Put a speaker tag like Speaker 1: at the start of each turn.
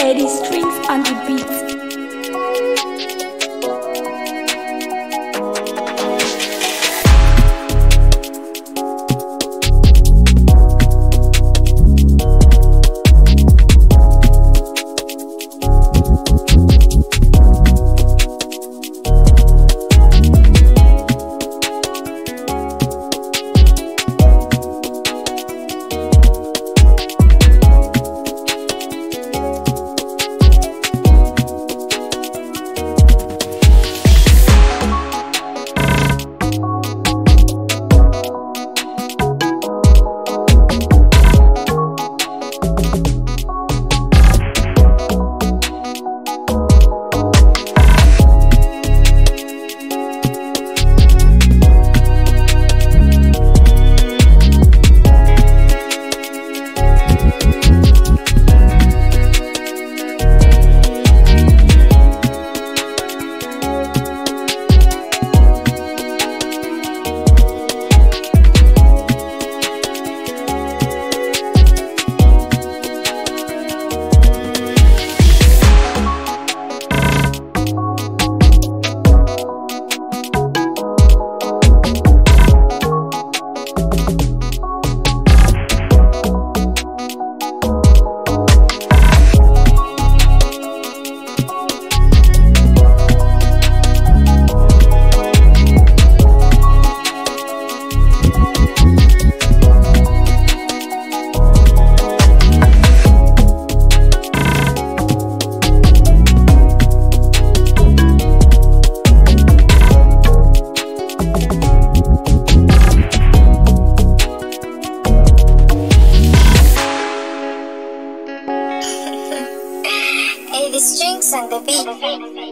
Speaker 1: Eddie Strings on the beats.
Speaker 2: the strings and the beat.